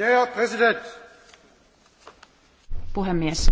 Der Puhemies.